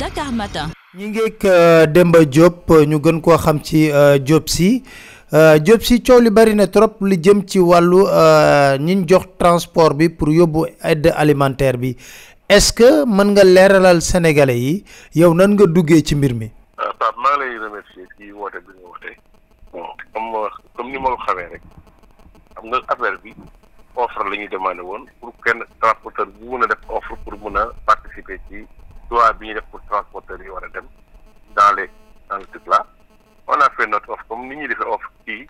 Dakar Matin. ñi ngeeg euh, Demba Diop ñu gën koo xam ci euh, Diop si euh, Diop si coow li bari na trop li jëm ci wàllu ñiñ jox transport bi pour yóbbu aide alimentaire bi est-ce que mën nga leeralal sénégalais yi yow nan nga duggee ci mbir mi. Pape lay remercier ci woote bi comme ni ma ko xamee rek xam nga affaire bi offre la ñuy demandé woon pour kenn transporteur bu mun a def offre pour mun a participer ci. loi bi def pour transporteurs yi war dem dans les dans le truc là on a fait notre offre comme ni ñuy defee offre kii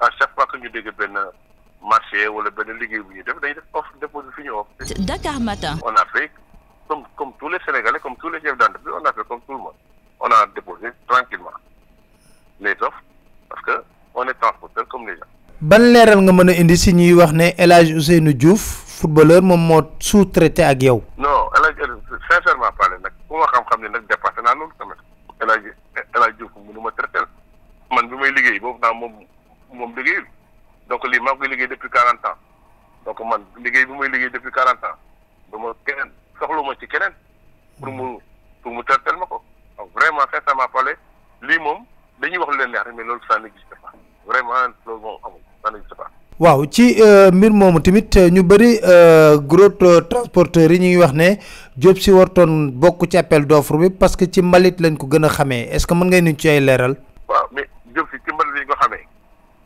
à chaque fois que ñu dégg benn marché wala benn liggéey bu ñuy def dañuy def offre déposé fi ñu Dakar Matin. on a fait comme comme tous les Sénégalais comme tous les chefs d'entreprise on a fait comme tout le monde on a déposé tranquillement les offres parce que on est transporteur comme les gens. ban leeral nga mën a indi si ñuy wax ne El Hadj Ousseynou Diouf footballeur moom moo sous-traité ak yow. sincèrement parlé nak ku ma xam-xam ni nak dépassé na lool tamit El Hadj El Hadj Diouf mënu ma traitel man bi may liggéey boobu na mom mom liggéey donc li ma ngi koy liggéey depuis 40 ans donc man liggéey bi may liggéey depuis 40 ans duma kenen keneen ma ci kenen pour mu pour mu traitel mako vraiment sincèrement parlé li mom dañuy wax lu leen neex mais lool sa n'existe gitu. waaw ci euh, mbir moomu tamit euh, ñu bëri euh, gros transporteurs yi ñuy wax ne Diop si wartoon bokk ci appel d'offre bi parce que ci mbalit lañ ko gën a xamee est-ce que mën ngay nuñ ci ay leeral. waaw mais Diop si ci mbalit lañ ko xamee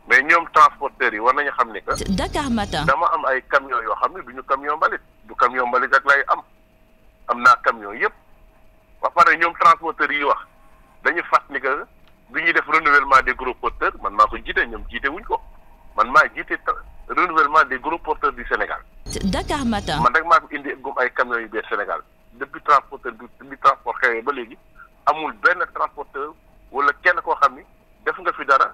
mais ñoom transporteurs yi war nañu xam ni que. Dakar Matin. dama am ay camions yoo xam ne du ñu camion mbalit du camion mbalit rek lay am am naa camion yëpp ba pare ñoom transporteurs yi wax dañu fàttali que bi ñuy def renouvellement des gros porteurs man maa ko ñoom jiite wuñ ko. man maa jiite renouvellement des gros porteurs du Sénégal. Dakar Matin. man rek maa fi indi ay camions yu bees Sénégal depuis transporteur bi bi transport xewee ba léegi amul benn transporteur wala kenn koo xam ni def nga fi dara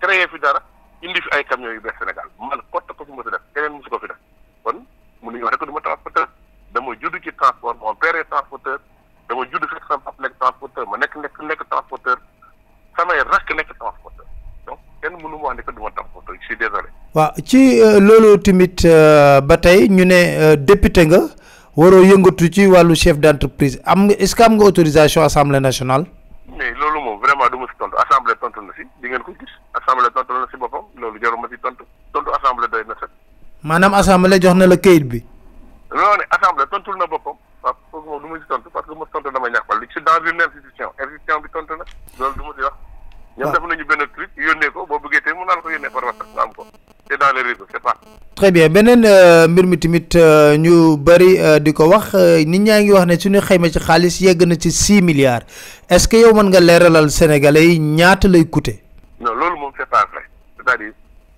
créé fi dara indi fi ay camions yu bees Sénégal man kott ko fi mos a def keneen mosu ko fi def kon mu mënuñu wax rek du ma transporteur dama judd ci transport mon père est transporteur dama judd fekk sama pap nekk transporteur ma nekk nekk nekk. waaw ci euh, loolu tamit euh, ba tey ñu ne euh, député nga waroo yëngatu ci wàllu chef d'entreprise am nga est-ce que am nga autorisation assemblée nationale. mais loolu moom vraiment du ma si tontu assemblée tontu na si ngeen ko gis assemblée tontu na si boppam loolu jarul ma si tontu tontu assemblée doy na set. maanaam assemblée jox na la kayit bi. non ne assemblée tontul na boppam waaw kooku moom du ma si tontu parce que ma tontu damay ñàkkal li ci dans une institution institution bi tontu na loolu dans les rives, c'est pas. Très bien. Benen euh, mbir mi timit euh, ñu bari euh, diko wax nit ñaa ngi wax ne suñu xeyma ci xaaliss yegg na ci 6 milliards. Est-ce que yow mën nga leralal sénégalais ñaata lay coûté? Non, loolu moom c'est pas vrai. C'est-à-dire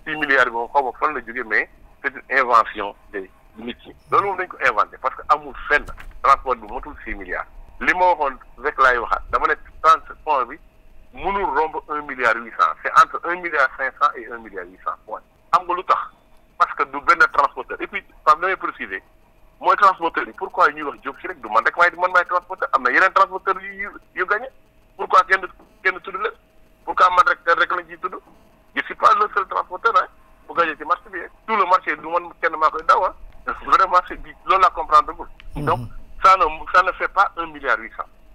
6 milliards moom xaw ma fan la jógee mais c'est une invention des nit ñi. loolu moom dañ ko inventé parce que amul fenn transport bi motul 6 milliards. li ma waxoon rek laay waxaat dama ne transport bi munul romb 1 milliard 800 C'est entre 1 milliard 500 et 1 milliard 800 pourquoi ñu wax Diop si rek du man rek waaye man may transporteur am na yeneen transporteur yu yu gagné pourquoi kenn kenn tudd la pourquoi man rek rek lañ ciy tudd je suis pas le seul transporteur hein bu gagné ci marché hein. tout le marché du man kenn maa koy hein. vraiment c'est bi loolu comprendre gul mhm. donc ça ne ça ne fait pas un milliard huit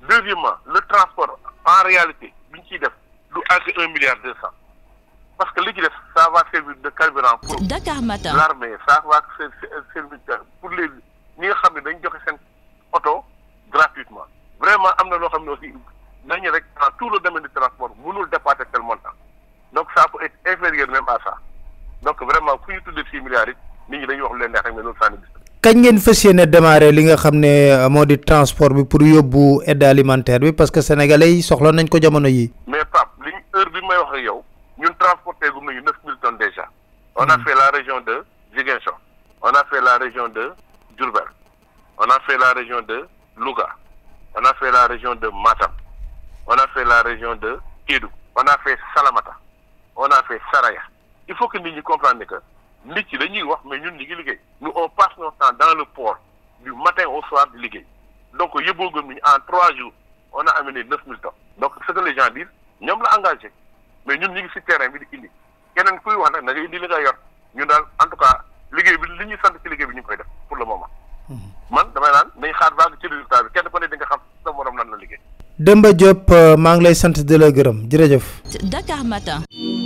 deuxièmement le transport en réalité buñ ñu ciy def du ak un milliard deux parce que li ci def ça va servir de carburant pour l'armée ça va servir pour les ñi nga xam ne dañ joxe seen oto gratuitement vraiment am na loo xam ne aussi nañ rek tout le domaine du transport mënul dépasser tel montant donc ça peut être inférieur même à ça donc vraiment ku ñu tuddee 6 milliards it nit ñi dañuy wax lu leen neex rek mais loolu saa bis kañ ngeen fas yéene démarrer li nga xam ne euh, moo di transport bi pour yóbbu aide alimentaire bi parce que sénégalais yi soxla nañ ko jamono yi mais Pape liñ heure bi may wax ak yow ñun transporté gum nañu neuf mille tonnes déjà on a hmm. fait la région de Ziguinchor on a fait la région de on a fait la région de Louga, on a fait la région de Matam, on a fait la région de Kédou, on a fait Salamata, on a fait Saraya. Il faut que nous comprenions que nous, on passe notre temps dans le port du matin au soir de Ligue. Donc, en trois jours, on a amené 9000 tonnes. Donc, ce que les gens disent, nous sommes engagés. Mais nous, nous sommes sur le terrain. Nous sommes en tout Demba Diop euh, maa ngi lay sant di la gërëm jërëjëf. Dakar Matin.